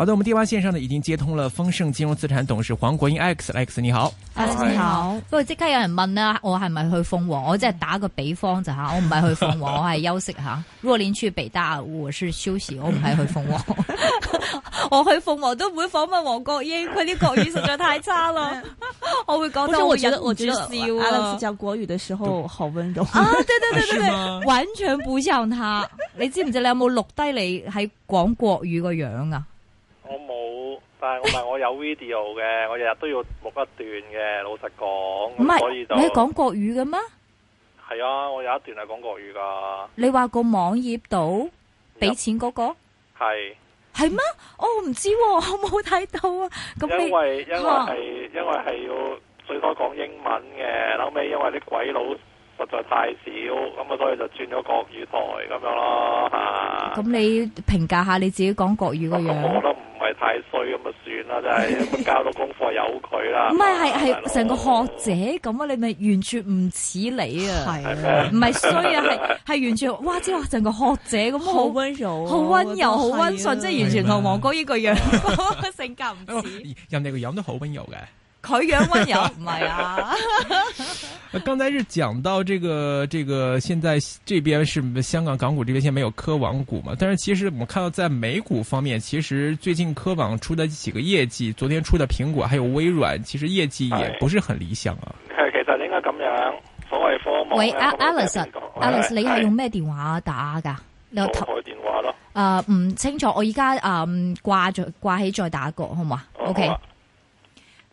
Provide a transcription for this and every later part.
好的，我們電話線上呢已經接通了豐盛金融資產董事黃國英 X X，你好，阿 X 你好。不過即刻有人問啦，我係咪去鳳凰？我即係打個比方就吓，我唔係去鳳凰，我係休息吓。 若連去北大我是休息，我唔係去鳳凰。 我去鳳凰都唔會訪問黃國英，佢啲國語實在太差啦， 我會講到我，我覺得忍唔住笑。Alex 講國語的時候好溫柔 啊，對對對對，對，完全不像他 你知唔知道你有冇錄低你喺講國語個樣啊？但係我咪我有 video 嘅，我日日都要錄一段嘅。老實講，唔係，所以就你係講國語嘅咩？係啊，我有一段係講國語噶。你話個網頁度俾錢嗰個係係咩？我唔知，我冇睇到啊。咁因為因為係因為係要最多講英文嘅，後尾因為啲鬼佬。實在太少，咁啊，所以就轉咗國語台咁樣咯，吓、嗯。咁你評價下你自己講國語個樣、嗯嗯？我覺得唔係太衰，咁、嗯、啊算啦，真係 教到功課有佢啦。唔、嗯、係，係係成個學者咁啊！你咪完全唔似你啊，係咪？唔係衰啊，係係、啊、完全哇！即係話成個學者咁，好溫柔，啊、柔，好溫、啊、 柔，柔，好溫順，即係完全同黃哥呢個樣性格唔似。人哋個樣都好溫柔嘅，佢樣溫柔唔係啊。 剛才是講到這個，這個現在這邊是香港港股這邊現在沒有科網股嘛？但是其實我們看到在美股方面，其實最近科網出的幾個業績，昨天出的蘋果還有微軟，其實業績也不是很理想啊。係其實應該咁樣，所謂科網。喂，Alex，Alex，你係用咩電話打噶？我頭的電話咯。誒、呃，唔清楚，我依家誒掛住掛起，掛起再打過，好唔好？OK。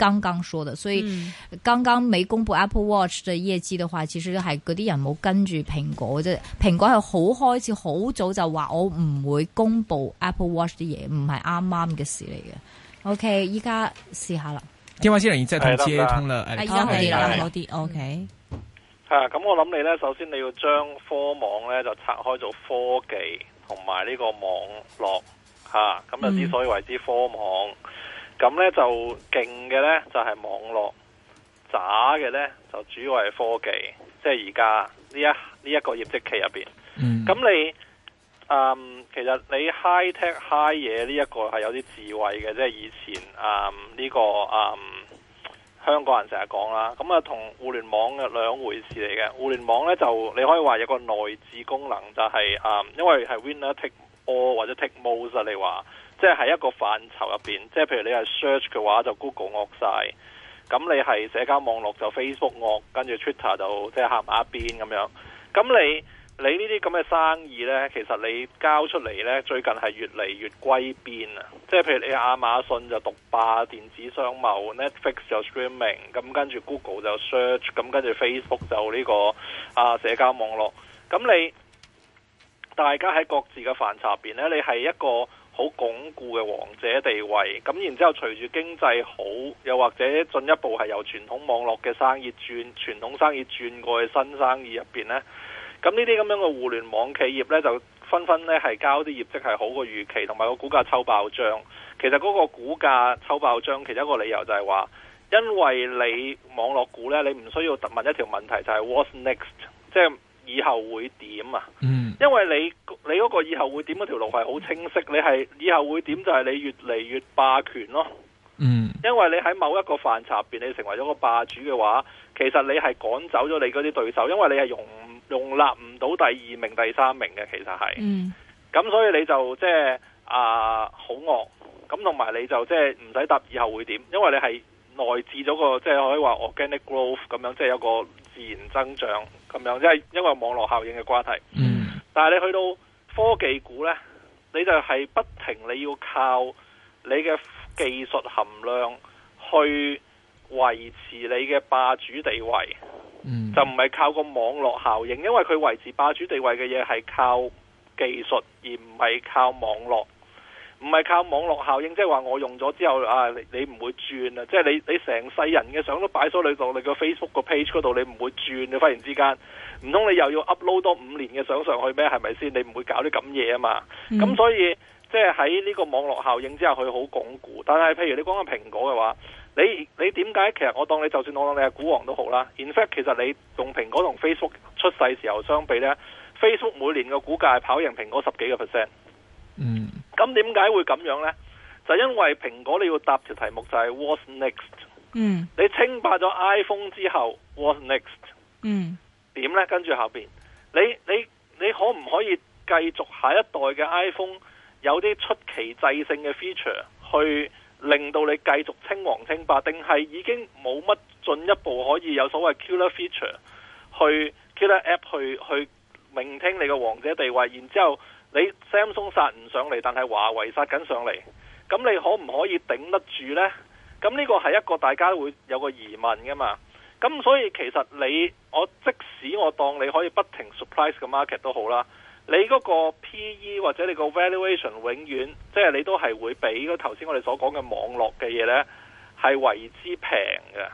剛剛說的，所以剛剛未公布 Apple Watch 嘅業績嘅話，其實係嗰啲人冇跟住蘋果，即係蘋果係好開始好早就話我唔會公布 Apple Watch 啲嘢，唔係啱啱嘅事嚟嘅。OK，依家試下啦。電話線已經即係通啦。係，而家可以諗多啲。OK。吓、啊，咁我諗你呢，首先你要將科網呢就拆開做科技同埋呢個網絡吓，咁啊之所以為之科網。嗯咁咧就勁嘅咧就係、是、網絡，渣嘅咧就主要係科技。即係而家呢一呢一、這個業績期入面。咁、嗯、你、嗯、其實你 high tech high 嘢呢一個係有啲智慧嘅，即、就、係、是、以前啊呢、嗯這個啊、嗯、香港人成日講啦，咁啊同互聯網嘅兩回事嚟嘅。互聯網咧就你可以話有個內置功能，就係、是、啊、嗯、因為係 winner take all 或者 take most，你話。即係一個範疇入邊，即係譬如你係 search 嘅話就 Google 惡晒，咁你係社交網絡就 Facebook 惡，跟住 Twitter 就即係行一邊咁樣。咁你你呢啲咁嘅生意呢，其實你交出嚟呢，最近係越嚟越歸邊啊！即係譬如你亞馬遜就獨霸電子商貿，Netflix 就 streaming，咁跟住 Google 就 search，咁跟住 Facebook 就呢、這個啊社交網絡。咁你大家喺各自嘅範疇入邊呢，你係一個。好鞏固嘅王者地位，咁然之後隨住經濟好，又或者進一步係由傳統網絡嘅生意轉傳統生意轉過去新生意入邊呢。咁呢啲咁樣嘅互聯網企業呢，就紛紛呢係交啲業績係好過預期，同埋個股價抽爆漲。其實嗰個股價抽爆漲，其中一個理由就係話，因為你網絡股呢，你唔需要問一條問題就係、是、What's next，即係。以後會點啊？嗯，因為你你嗰個以後會點嗰條路係好清晰，你係以後會點就係你越嚟越霸權咯。嗯，因為你喺某一個範疇入邊，你成為咗個霸主嘅話，其實你係趕走咗你嗰啲對手，因為你係容容納唔到第二名、第三名嘅，其實係。嗯，咁所以你就即係啊好惡，咁同埋你就即係唔使答以後會點，因為你係內置咗個即係可以話 organic growth 咁樣，即係有個。自然增長咁樣即係因為網絡效應嘅關係。嗯，但係你去到科技股呢，你就係不停你要靠你嘅技術含量去維持你嘅霸主地位。嗯，就唔係靠個網絡效應，因為佢維持霸主地位嘅嘢係靠技術，而唔係靠網絡。唔係靠網絡效應，即係話我用咗之後啊、哎，你唔會轉啊！即係你你成世人嘅相都擺咗你度，你個 Facebook 個 page 嗰度，你唔會轉你忽然之間，唔通你又要 upload 多五年嘅相上去咩？係咪先？你唔會搞啲咁嘢啊嘛！咁、mm. 所以即係喺呢個網絡效應之下，佢好鞏固。但係譬如你講緊蘋果嘅話，你你點解其實我當你就算我當你係股王都好啦，In fact，其實你用蘋果同 Facebook 出世時候相比呢 Facebook 每年嘅股價係跑贏蘋果十幾個 percent。嗯、mm.。咁點解會咁樣呢？就因為蘋果你要答條題目就係 What's next？嗯、mm.，你稱霸咗 iPhone 之後，What's next？嗯、mm.，點呢？跟住後邊，你你你可唔可以繼續下一代嘅 iPhone 有啲出奇制勝嘅 feature 去令到你繼續稱王稱霸？定係已經冇乜進一步可以有所謂 killer feature 去 killer app 去去 maintain 你嘅王者地位？然之後。你 Samsung 殺唔上嚟，但係華為殺緊上嚟，咁你可唔可以頂得住呢？咁呢個係一個大家都會有個疑問㗎嘛。咁所以其實你我即使我當你可以不停 surprise 個 market 都好啦，你嗰個 P/E 或者你個 valuation 永遠即係、就是、你都係會比頭先我哋所講嘅網絡嘅嘢呢係為之平嘅。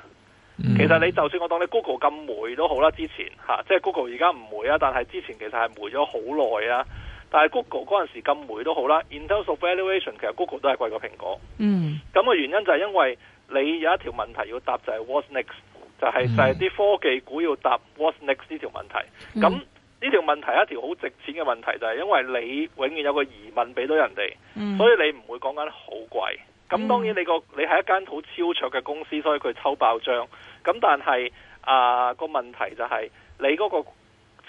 Mm. 其實你就算我當你 Google 咁霉都好啦，之前吓即係、啊就是、Google 而家唔霉啊，但係之前其實係霉咗好耐啊。但係 Google 嗰陣時咁霉都好啦 in terms of valuation 其實 Google 都係貴過蘋果。嗯，咁嘅原因就係因為你有一條問題要答，就係 what's next，就係就係啲科技股要答 what's next 呢條問題。咁、嗯、呢條問題係一條好值錢嘅問題，就係因為你永遠有個疑問俾到人哋、嗯，所以你唔會講緊好貴。咁當然你個你係一間好超卓嘅公司，所以佢抽爆章咁但係啊、呃那個問題就係你嗰、那個。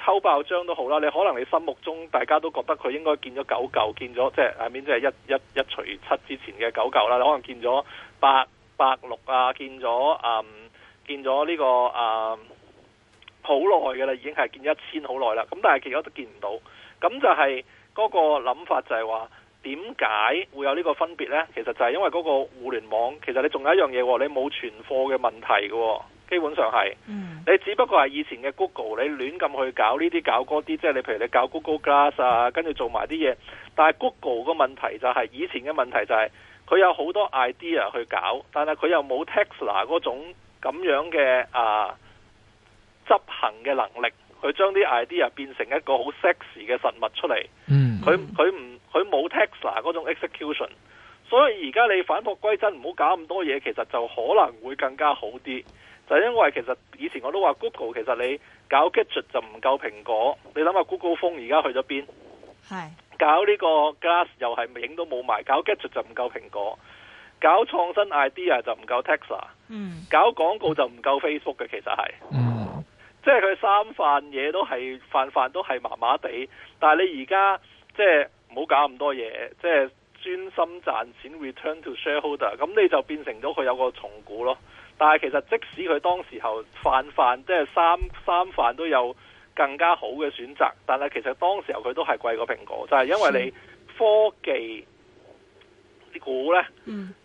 抽爆張都好啦，你可能你心目中大家都覺得佢應該見咗九嚿，見咗即係下邊即係一一除七之前嘅九嚿啦，你可能見咗八八六啊，見咗啊，見咗呢個啊好耐嘅啦，已經係見一千好耐啦。咁但係其實都見唔到，咁就係嗰個諗法就係話點解會有呢個分別呢？其實就係因為嗰個互聯網，其實你仲有一樣嘢喎，你冇存貨嘅問題嘅、哦。基本上係，你只不過係以前嘅 Google，你亂咁去搞呢啲搞嗰啲，即係你譬如你搞 Google Glass 啊，跟住做埋啲嘢。但係 Google 個問題就係以前嘅問題就係佢有好多 idea 去搞，但係佢又冇 Tesla 嗰種咁樣嘅啊執行嘅能力去將啲 idea 變成一個好 sexy 嘅實物出嚟。嗯，佢佢唔佢冇 Tesla 嗰種 execution，所以而家你返璞歸真，唔好搞咁多嘢，其實就可能會更加好啲。就是、因為其實以前我都話 Google 其實你搞 Gadget 就唔夠蘋果，你諗下 Google 風而家去咗邊？係搞呢個 Glass 又係影都冇埋，搞 Gadget 就唔夠蘋果，搞創新 idea 就唔夠 t e x l a 嗯，搞廣告就唔夠 Facebook 嘅其實係，嗯，即係佢三飯嘢都係飯飯，都係麻麻地，但係你而家即係唔好搞咁多嘢，即係專心賺錢 return to shareholder，咁你就變成咗佢有個重股咯。但係其實即使佢當時候泛泛，即係三三泛都有更加好嘅選擇，但係其實當時候佢都係貴過蘋果，就係因為你科技股呢，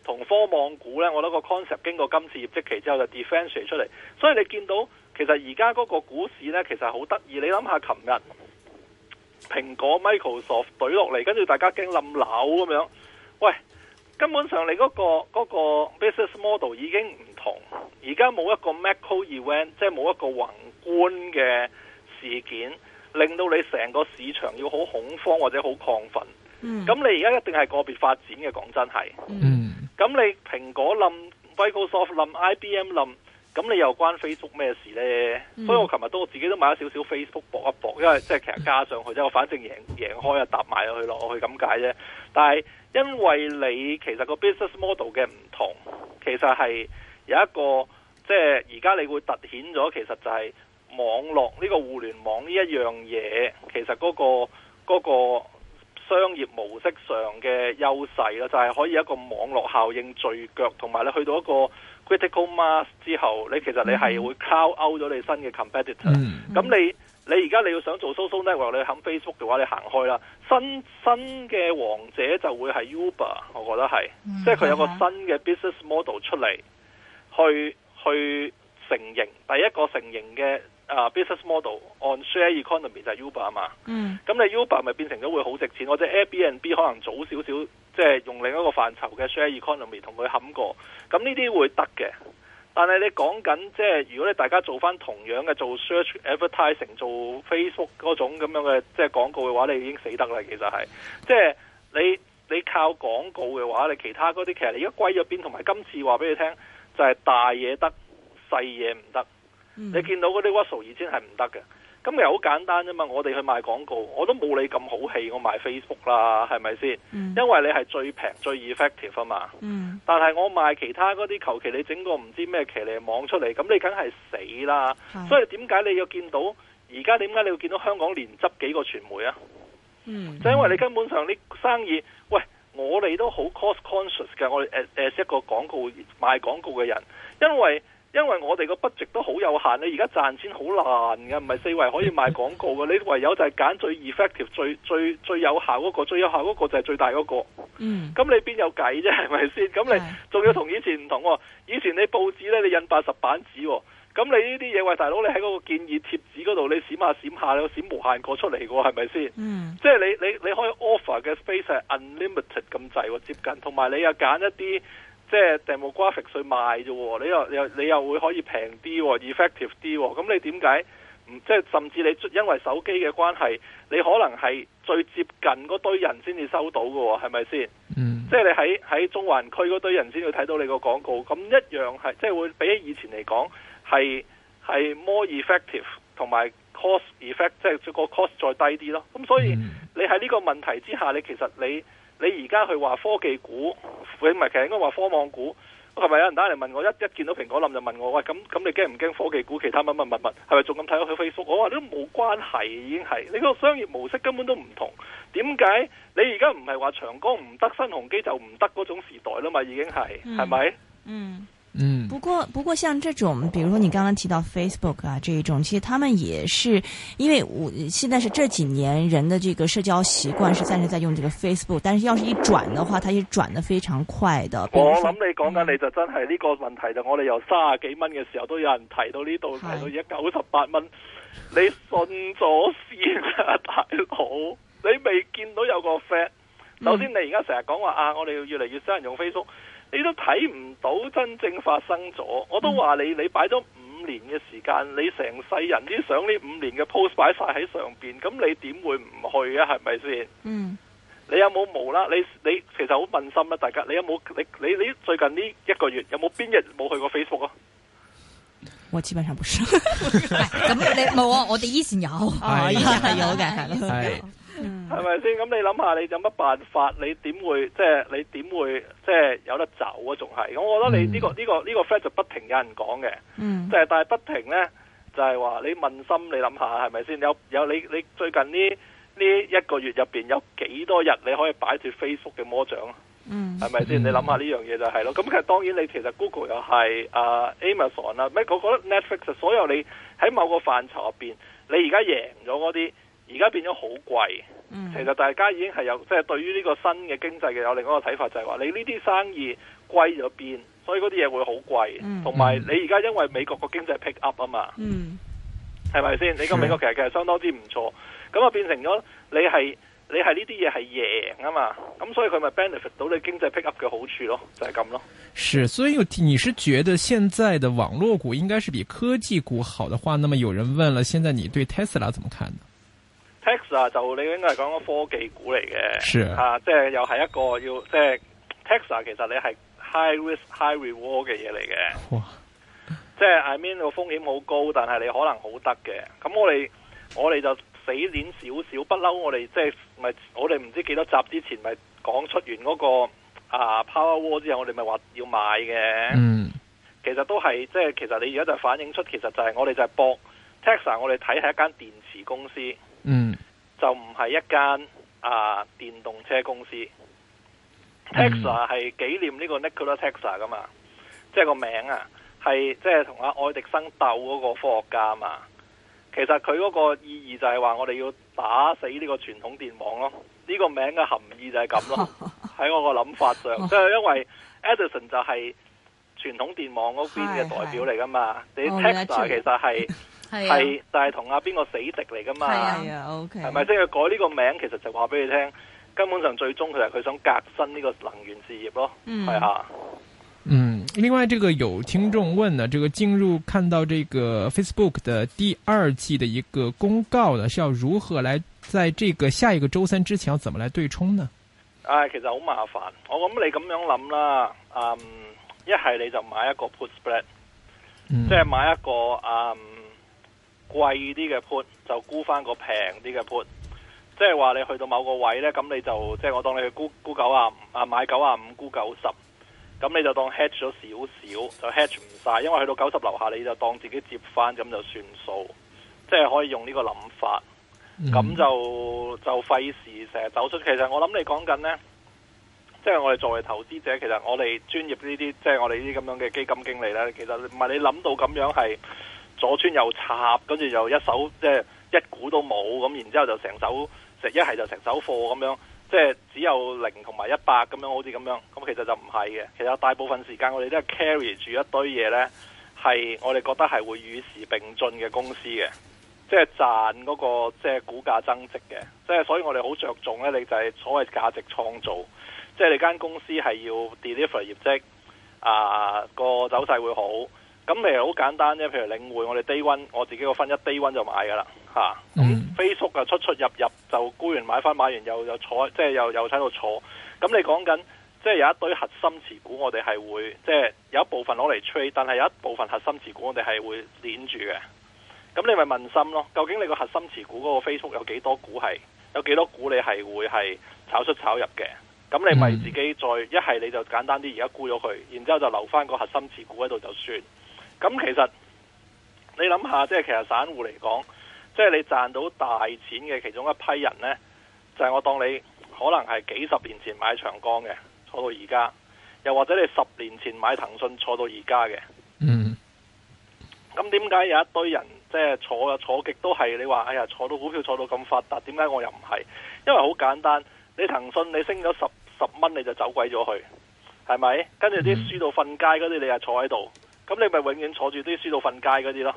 同科網股呢，我諗個 concept 經過今次業績期之後就 defensive 出嚟，所以你見到其實而家嗰個股市呢，其實好得意。你諗下琴日蘋果 Microsoft 懟落嚟，跟住大家驚冧樓咁樣，喂。根本上你嗰個嗰個 business model 已經唔同，而家冇一個 macro event，即係冇一個宏觀嘅事件，令到你成個市場要好恐慌或者好亢奮，嗯，咁你而家一定係個別發展嘅，講真係，嗯，咁你蘋果冧，Microsoft 冧，IBM 冧。咁你又關 Facebook 咩事呢？Mm. 所以我琴日都我自己都買咗少少 Facebook 搏一搏，因為即係其實加上去即我反正贏贏開啊，搭埋落去落去咁解啫。但係因為你其實個 business model 嘅唔同，其實係有一個即係而家你會突顯咗，其實就係網絡呢、呢個互聯網呢一樣嘢，其實嗰個嗰個。嗰個商業模式上嘅優勢就係、是、可以一個網絡效應聚腳，同埋你去到一個 critical mass 之後，你其實你係會 crowd out 咗你新嘅 competitor。咁、mm -hmm. 你你而家你要想做 social network，你撼 Facebook 嘅話，你行開啦。新新嘅王者就會係 Uber，我覺得係，mm -hmm. 即係佢有個新嘅 business model 出嚟，去去成形，第一個成形嘅。啊、uh，business model on share economy 就係 Uber 啊嘛、嗯，咁你 Uber 咪變成咗會好值錢，或者 Airbnb 可能早少少，即係用另一個範疇嘅 share economy 同佢冚過，咁呢啲會得嘅。但係你講緊即係，如果你大家做翻同樣嘅做 search advertising 做 Facebook 嗰種咁樣嘅即係廣告嘅話，你已經死得啦。其實係，即係你你靠廣告嘅話，你其他嗰啲其實你而家歸咗邊。同埋今次話俾你聽，就係大嘢得，細嘢唔得。你見到嗰啲 whistle 已經係唔得嘅，咁又好簡單啫嘛！我哋去賣廣告，我都冇你咁好氣，我賣 Facebook 啦，係咪先？因為你係最平、最 effective 啊嘛。嗯、但係我賣其他嗰啲，求其你整個唔知咩騎呢網出嚟，咁你梗係死啦、嗯。所以點解你要見到而家點解你要見到香港連執幾個傳媒啊？嗯，就因為你根本上啲生意，喂，我哋都好 cost conscious 嘅，我哋 as 一個廣告賣廣告嘅人，因為。因為我哋個 budget 都好有限，你而家賺錢好難㗎。唔係四圍可以賣廣告嘅，你唯有就係揀最 effective，最最最有效嗰個，最有效嗰個就係最大嗰個。嗯，咁你邊有計啫？係咪先？咁你仲要同以前唔同喎。以前你報紙咧，你印八十版紙喎，咁你呢啲嘢喂，大佬你喺嗰個建議貼紙嗰度，你閃下閃下，你閃無限個出嚟喎，係咪先？嗯，即係你你你可以 offer 嘅 space 係 unlimited 咁滯喎，接近同埋你又揀一啲。即係訂個 demographic 稅賣啫喎，你又又你又會可以平啲 effective 啲喎，咁你點解唔即係甚至你因為手機嘅關係，你可能係最接近嗰堆人先至收到㗎喎，係咪先？嗯，即係你喺喺中環區嗰堆人先會睇到你個廣告，咁一樣係即係會比起以前嚟講係係 more effective 同埋 cost effective，即係個 cost 再低啲咯。咁所以你喺呢個問題之下，你其實你你而家去話科技股，佢唔係其實應該話科網股。係咪有人打嚟問我一一見到蘋果冧，就問我喂，咁咁你驚唔驚科技股其他乜乜乜乜，係咪仲咁睇到佢 Facebook？我話你都冇關係，已經係你個商業模式根本都唔同。點解你而家唔係話長江唔得新鴻基就唔得嗰種時代啦嘛？已經係係咪？嗯。嗯嗯，不過不過像這種，比如說你剛剛提到 Facebook 啊這一種，其實他們也是因為我現在是這幾年人的這個社交習慣是暫時在用這個 Facebook，但是要是一轉的話，它是轉得非常快的。我諗你講緊、嗯、你就真係呢個問題就我哋由三十幾蚊嘅時候都有人提到呢度提到而家九十八蚊，你信咗先太、啊、大佬！你未見到有個 Fat？、嗯、首先你而家成日講話啊，我哋要越嚟越少人用 Facebook。你都睇唔到真正發生咗，我都話你，你擺咗五年嘅時間，你成世人啲相，呢五年嘅 post 擺晒喺上面，咁你點會唔去啊？係咪先？嗯，你有冇無啦？你你其實好問心啦、啊，大家，你有冇你你你最近呢一個月有冇邊日冇去過 Facebook 啊？我基本上冇是咁你冇啊 ？我哋以前有， 以前係有嘅， 係咪先？咁你諗下，你有乜辦法？你點會即係、就是、你點會即係、就是、有得走啊？仲係？我覺得你呢、這個呢、mm. 這個呢、這個 friend 就不停有人講嘅，即、mm. 係、就是、但係不停咧，就係、是、話你問心你想想，你諗下係咪先？有有你你最近呢呢一個月入邊有幾多日你可以擺脫 Facebook 嘅魔掌啊？係咪先？你諗下呢樣嘢就係咯。咁其實當然你其實 Google 又係、啊、Amazon 啦、啊，咩我覺得 Netflix？所有你喺某個範疇入邊，你而家贏咗嗰啲。而家變咗好貴，其實大家已經係有即係、就是、對於呢個新嘅經濟嘅有另一個睇法，就係話你呢啲生意貴咗邊，所以嗰啲嘢會好貴。同、嗯、埋你而家因為美國個經濟 pick up 啊嘛，係咪先？你個美國其實其實相當之唔錯，咁啊變成咗你係你係呢啲嘢係贏啊嘛，咁所以佢咪 benefit 到你經濟 pick up 嘅好處咯，就係、是、咁咯。是，所以你是覺得現在的網絡股應該是比科技股好的話，那麼有人問了，現在你對 Tesla 怎麼看呢？Tesla 就你應該係講個科技股嚟嘅，吓、啊，即、啊、係、就是、又係一個要即係、就是、Tesla 其實你係 high risk high reward 嘅嘢嚟嘅，即係 I mean 個風險好高，但係你可能好得嘅。咁、嗯嗯、我哋我哋就死臉少少，不嬲我哋即係咪？我哋唔知道幾多集之前咪講出完嗰、那個啊 Powerwall 之後，我哋咪話要買嘅。嗯，其實都係即係，其實你而家就反映出，其實就係我哋就係博 Tesla 我哋睇係一間電池公司。嗯，就唔係一間啊電動車公司。Tesla 係紀念呢個 Nikola Tesla 噶嘛，即係個名啊，係即係同阿愛迪生鬥嗰個科學家嘛。其實佢嗰個意義就係話我哋要打死呢個傳統電網咯。呢個名嘅含義就係咁咯，喺 我個諗法上，即 係因為 Edison 就係傳統電網嗰邊嘅代表嚟噶嘛， 你 Tesla 其實係。係、啊，但係同阿邊個死敵嚟噶嘛？係啊，OK。係咪即佢改呢個名，其實就話俾你聽，根本上最終佢係佢想革新呢個能源事業咯。嗯，係啊。嗯，另外，這個有聽眾問呢，這個進入看到這個 Facebook 的第二季的一個公告的，是要如何來在這個下一個周三之前，要怎麼來對沖呢？唉、哎，其實好麻煩。我諗你咁樣諗啦，嗯，一係你就買一個 put spread，即、嗯、係、就是、買一個嗯。貴啲嘅 put 就沽翻個平啲嘅 put，即係話你去到某個位呢，咁你就即係、就是、我當你沽沽九十五買九十五沽九十，咁你就當 hedge 咗少少，就 hedge 唔晒，因為去到九十樓下，你就當自己接翻，咁就算數，即、就、係、是、可以用呢個諗法，咁、嗯、就就費事成日走出。其實我諗你講緊呢，即、就、係、是、我哋作為投資者，其實我哋專業呢啲，即、就、係、是、我哋呢啲咁樣嘅基金經理呢，其實唔係你諗到咁樣係。左穿右插，跟住就一手即係一股都冇，咁然之後就成手成一係就成手貨咁樣，即係只有零同埋一百咁樣，好似咁樣。咁其實就唔係嘅，其實大部分時間我哋都係 carry 住一堆嘢呢，係我哋覺得係會與時並進嘅公司嘅，即係賺嗰個即係股價增值嘅，即係所以我哋好着重呢，你就係所謂價值創造，即係你間公司係要 deliver 業績，啊個走勢會好。咁你好簡單啫，譬如領匯，我哋低温，我自己個分一低温就買噶啦嚇。嗯，Facebook 啊出出入入就沽完買翻，買完又又坐，即係又又喺度坐。咁你講緊即係有一堆核心持股我，我哋係會即係有一部分攞嚟 trade，但係有一部分核心持股我，我哋係會攆住嘅。咁你咪問心咯，究竟你個核心持股嗰個 Facebook 有幾多股係？有幾多股你係會係炒出炒入嘅？咁你咪自己再一係你就簡單啲，而家沽咗佢，然之後就留翻個核心持股喺度就算。咁其實你諗下，即係其實散戶嚟講，即係你賺到大錢嘅其中一批人呢，就係我當你可能係幾十年前買長江嘅，坐到而家；又或者你十年前買騰訊坐到而家嘅。嗯。咁點解有一堆人即係坐呀坐極都係？你話哎呀，坐到股票坐到咁發達，點解我又唔係？因為好簡單，你騰訊你升咗十十蚊你就走鬼咗去，係咪？跟住啲輸到瞓街嗰啲，你又坐喺度。咁你咪永遠坐住啲輸到瞓街嗰啲咯，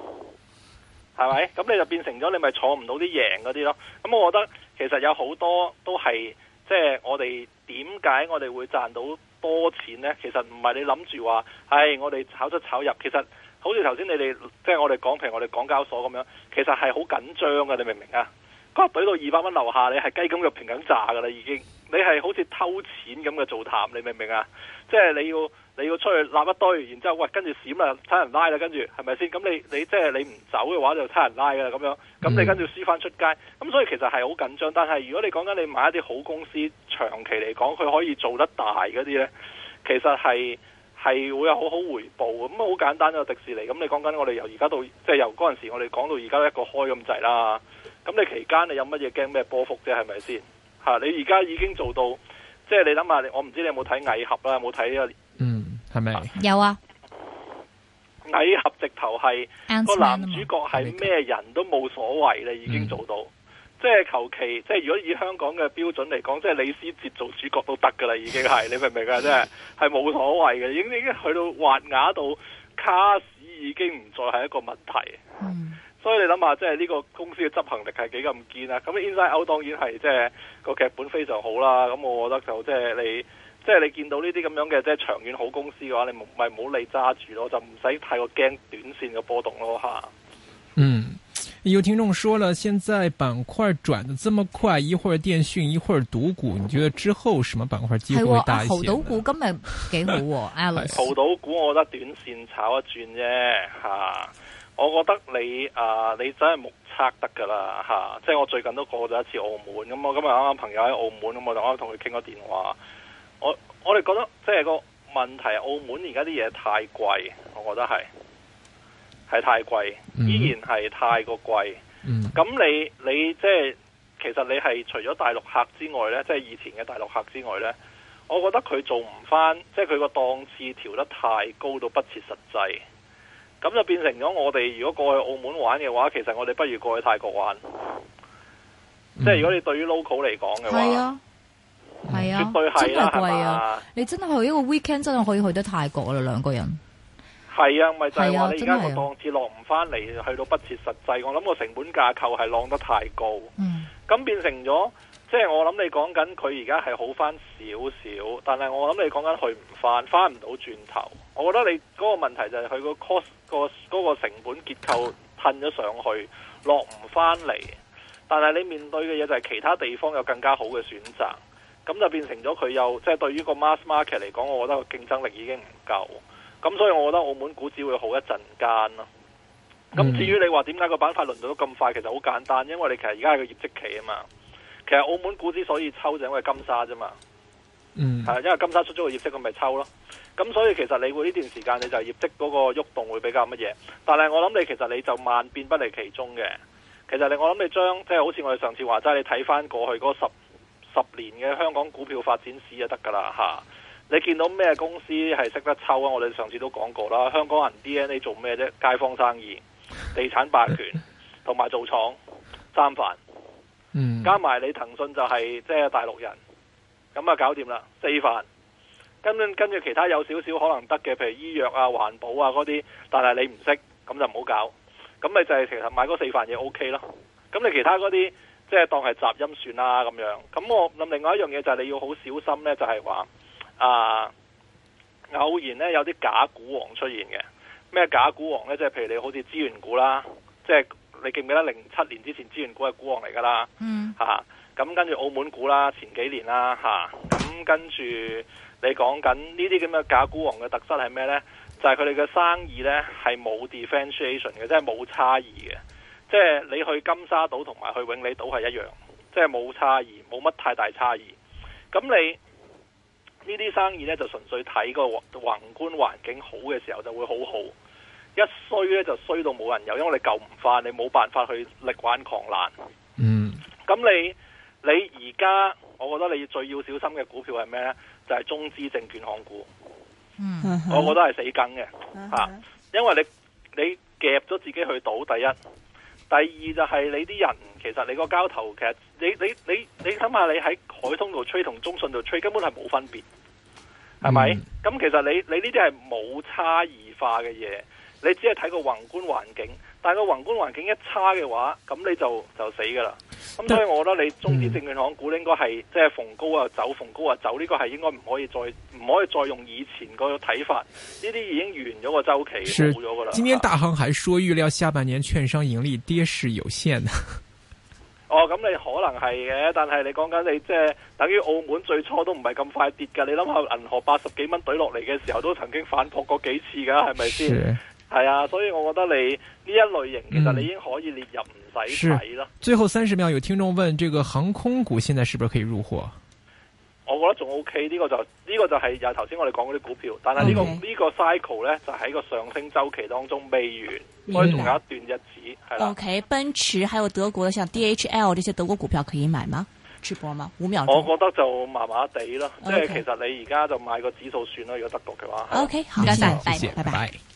係咪？咁你就變成咗你咪坐唔到啲贏嗰啲咯。咁我覺得其實有好多都係即係我哋點解我哋會賺到多錢呢？其實唔係你諗住話，哎，我哋炒出炒入。其實好似頭先你哋即係我哋講，譬如我哋港交所咁樣，其實係好緊張噶。你明唔明啊？嗰個懟到二百蚊樓下，你係雞咁嘅平緊炸噶啦，已經你係好似偷錢咁嘅做談。你明唔明啊？即係你要。你要出去立一堆，然之後喂，跟住閃啦，差人拉啦，跟住係咪先？咁你你即係你唔走嘅話，就差人拉噶啦咁樣。咁、嗯、你跟住輸翻出街，咁所以其實係好緊張。但係如果你講緊你買一啲好公司，長期嚟講佢可以做得大嗰啲呢，其實係係會有好好回報。咁啊好簡單啊，迪士尼。咁你講緊我哋由而家到即係由嗰陣時我哋講到而家一個開咁滯啦。咁你期間你有乜嘢驚咩波幅啫？係咪先？你而家已經做到。即係你諗下，我唔知你有冇睇《蟻俠》啦，有冇睇呢個？嗯，係咪有啊？《蟻、嗯、俠》直頭係個男主角係咩人都冇所謂啦，你已經做到。即係求其，即係如果以香港嘅標準嚟講，即係李思捷做主角都得噶啦，已經係你明唔明啊？ 即係係冇所謂嘅，已經已經去到滑牙到卡士，已經唔再係一個問題。嗯所以你諗下，即係呢個公司嘅執行力係幾咁堅啊？咁 Inside Out 當然係即係、個劇本非常好啦。咁我覺得就即係你，即係你見到呢啲咁樣嘅即係長遠好公司嘅話，你唔咪唔好揸住咯，就唔使太過驚短線嘅波動咯吓。嗯，有聽眾說了，現在板塊轉得這麼快，一會兒電訊，一會兒賭股，你覺得之後什麼板塊機會，會大一些？係喎，濠賭股、啊、今日幾好喎，Alex。濠賭股、 啊啊、我覺得短線炒一轉啫，吓、啊。我覺得你啊，你真係目測得㗎啦嚇！即係我最近都過咗一次澳門，咁我今日啱啱朋友喺澳門，咁我就啱啱同佢傾個電話。我我哋覺得即係、就是、個問題，澳門而家啲嘢太貴，我覺得係係太貴，依然係太過貴。咁、mm -hmm. 你你即、就、係、是、其實你係除咗大陸客之外呢？即、就、係、是、以前嘅大陸客之外呢？我覺得佢做唔翻，即係佢個檔次調得太高到不切實際。咁就變成咗我哋如果過去澳門玩嘅話，其實我哋不如過去泰國玩。嗯、即係如果你對於 local 嚟講嘅話，係啊、嗯、啊，絕對係真係貴啊！你真係去一個 weekend，真係可以去得泰國啦，兩個人。係啊，咪就係話你而家個檔次落唔翻嚟，去到不切實際、啊啊。我諗個成本架構係浪得太高。咁、嗯、變成咗，即、就、係、是、我諗你講緊佢而家係好翻少少，但係我諗你講緊去唔翻，翻唔到轉頭。我覺得你嗰個問題就係佢個 cost 個嗰個成本結構噴咗上去，落唔翻嚟。但係你面對嘅嘢，就係其他地方有更加好嘅選擇，咁就變成咗佢又即係、就是，對於個 mass market 嚟講，我覺得個競爭力已經唔夠。咁所以我覺得澳門股指會好一陣間咯。咁、嗯、至於你話點解個板塊輪動咁快，其實好簡單，因為你其實而家係個業績期啊嘛。其實澳門股之所以抽就因為金沙啫嘛，係、嗯、因為金沙出咗個業績，咁咪抽咯。咁所以其實你會呢段時間你就業績嗰個喐動會比較乜嘢？但係我諗你其實你就萬變不離其宗嘅。其實你我諗你將即係好似我哋上次話齋，你睇返過去嗰十十年嘅香港股票發展史就得㗎啦吓。你見到咩公司係識得抽啊？我哋上次都講過啦，香港人 DNA 做咩啫？街坊生意、地產霸權同埋做廠三番，加埋你騰訊就係即係大陸人，咁啊搞掂啦，四番。跟跟住其他有少少可能得嘅，譬如醫藥啊、環保啊嗰啲，但係你唔識，咁就唔好搞。咁咪就係其實買嗰四份嘢 O K 咯。咁你其他嗰啲，即係當係雜音算啦咁樣。咁我諗另外一樣嘢就係你要好小心呢，就係、是、話啊，偶然呢有啲假股王出現嘅。咩假股王呢？即係譬如你好似資源股啦，即係你記唔記得零七年之前資源股係股王嚟噶啦？嗯。吓、啊、咁跟住澳門股啦，前幾年啦、啊、吓，咁、啊、跟住。你講緊呢啲咁嘅假股王嘅特質係咩呢？就係佢哋嘅生意呢，係冇 differentiation 嘅，即係冇差異嘅。即係你去金沙島同埋去永利島係一樣，即係冇差異，冇乜太大差異。咁你呢啲生意呢，就純粹睇個宏，宏觀環境好嘅時候就會好好，一衰呢，就衰到冇人有，因為你救唔返，你冇辦法去力挽狂瀾。嗯，咁你你而家我覺得你最要小心嘅股票係咩呢？就係、是、中資證券行股，嗯，我覺得係死梗嘅，吓、嗯啊，因為你你夾咗自己去賭，第一，第二就係你啲人，其實你個交投，其實你你你你，諗下，你喺海通度吹，同中信度吹，根本係冇分別，係咪？咁、嗯、其實你你呢啲係冇差異化嘅嘢，你只係睇個宏觀環境，但係個宏觀環境一差嘅話，咁你就就死噶啦。咁所以我覺得你中資證券行股應該係即係逢高啊走，嗯，逢高啊走，呢個係應該唔可以再唔可以再用以前個睇法，呢啲已經完咗個週期，冇咗噶啦。今天大行還說預料下半年券商盈利跌勢有限，啊。哦，咁你可能係嘅，但係你講緊你即係等於澳門最初都唔係咁快跌噶，你諗下銀河八十幾蚊懟落嚟嘅時候，都曾經反撲過幾次噶，係咪先？係啊，所以我覺得你呢一類型其實你已經可以列入唔使睇啦。最後三十秒，有聽眾問：這個航空股現在是不是可以入貨？我覺得仲 OK，呢個就呢、這個就係又頭先我哋講嗰啲股票，但係呢、這個呢、okay. 個 cycle 呢，就喺、是、個上升周期當中未完，所以仲有一段日子。嗯啊、o、okay, K，奔馳還有德國像 D H L 這些德國股票可以買嗎？直播嗎？五秒我覺得就麻麻地啦。即、okay. 係其實你而家就買個指數算啦。如果德國嘅話、啊、O、okay, K，好，唔該晒，拜拜。謝謝拜拜拜拜。